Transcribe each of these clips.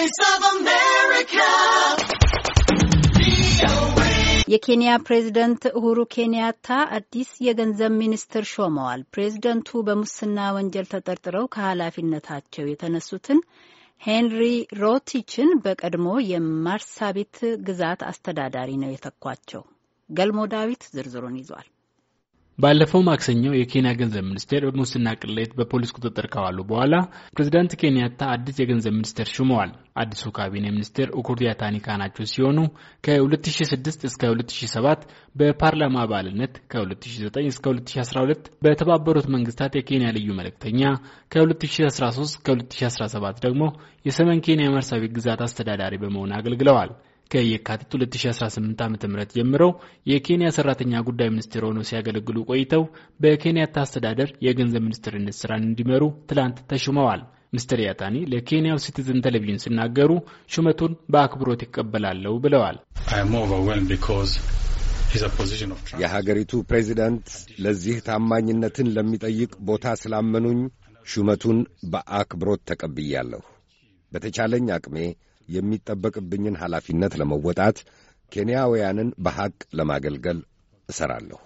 Voice የኬንያ ፕሬዝደንት እሁሩ ኬንያታ አዲስ የገንዘብ ሚኒስትር ሾመዋል። ፕሬዝደንቱ በሙስና ወንጀል ተጠርጥረው ከኃላፊነታቸው የተነሱትን ሄንሪ ሮቲችን በቀድሞ የማርሳቢት ግዛት አስተዳዳሪ ነው የተኳቸው። ገልሞ ዳዊት ዝርዝሩን ይዟል። ባለፈው ማክሰኞ የኬንያ ገንዘብ ሚኒስቴር በሙስና ቅሌት በፖሊስ ቁጥጥር ከዋሉ በኋላ ፕሬዚዳንት ኬንያታ አዲስ የገንዘብ ሚኒስቴር ሹመዋል። አዲሱ ካቢኔ ሚኒስቴር ኡኩሩ ያታኒካ ናቸው ሲሆኑ ከ2006 እስከ 2007 በፓርላማ አባልነት፣ ከ2009 እስከ 2012 በተባበሩት መንግስታት የኬንያ ልዩ መልእክተኛ፣ ከ2013 እስከ 2017 ደግሞ የሰሜን ኬንያ መርሳዊ ግዛት አስተዳዳሪ በመሆን አገልግለዋል። ከየካቲት 2018 ዓ.ም ጀምረው የኬንያ ሰራተኛ ጉዳይ ሚኒስትር ሆነው ሲያገለግሉ ቆይተው በኬንያታ አስተዳደር የገንዘብ ሚኒስትርነት ስራን እንዲመሩ ትላንት ተሹመዋል። ሚስተር ያታኒ ለኬንያው ሲቲዝን ቴሌቪዥን ሲናገሩ ሹመቱን በአክብሮት ይቀበላለሁ ብለዋል። የሀገሪቱ ፕሬዚዳንት ለዚህ ታማኝነትን ለሚጠይቅ ቦታ ስላመኑኝ ሹመቱን በአክብሮት ተቀብያለሁ። በተቻለኝ አቅሜ የሚጠበቅብኝን ኃላፊነት ለመወጣት ኬንያውያንን በሐቅ ለማገልገል እሰራለሁ።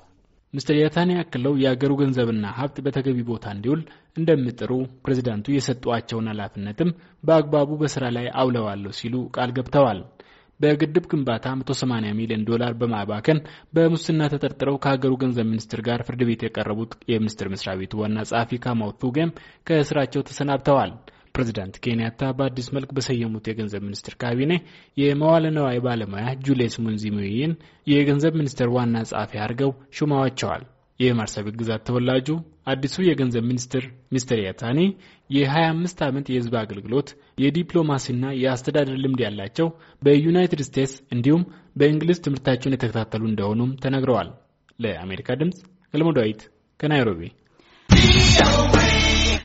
ምስትር ያታኔ ያክለው የአገሩ ገንዘብና ሀብት በተገቢ ቦታ እንዲውል እንደሚጥሩ ፕሬዚዳንቱ የሰጧቸውን ኃላፊነትም በአግባቡ በስራ ላይ አውለዋለሁ ሲሉ ቃል ገብተዋል። በግድብ ግንባታ 180 ሚሊዮን ዶላር በማባከን በሙስና ተጠርጥረው ከሀገሩ ገንዘብ ሚኒስትር ጋር ፍርድ ቤት የቀረቡት የሚኒስትር መስሪያ ቤቱ ዋና ጸሐፊ ካማውቱ ጌም ከስራቸው ተሰናብተዋል። ፕሬዚዳንት ኬንያታ በአዲስ መልክ በሰየሙት የገንዘብ ሚኒስትር ካቢኔ የመዋለ ነዋይ ባለሙያ ጁሌስ ሙንዚሙይን የገንዘብ ሚኒስቴር ዋና ጸሐፊ አድርገው ሹመዋቸዋል። የማርሰቢት ግዛት ተወላጁ አዲሱ የገንዘብ ሚኒስትር ሚስተር ያታኒ የ25 ዓመት የህዝብ አገልግሎት የዲፕሎማሲና የአስተዳደር ልምድ ያላቸው በዩናይትድ ስቴትስ እንዲሁም በእንግሊዝ ትምህርታቸውን የተከታተሉ እንደሆኑም ተነግረዋል። ለአሜሪካ ድምፅ ገልሞ ዳዊት ከናይሮቢ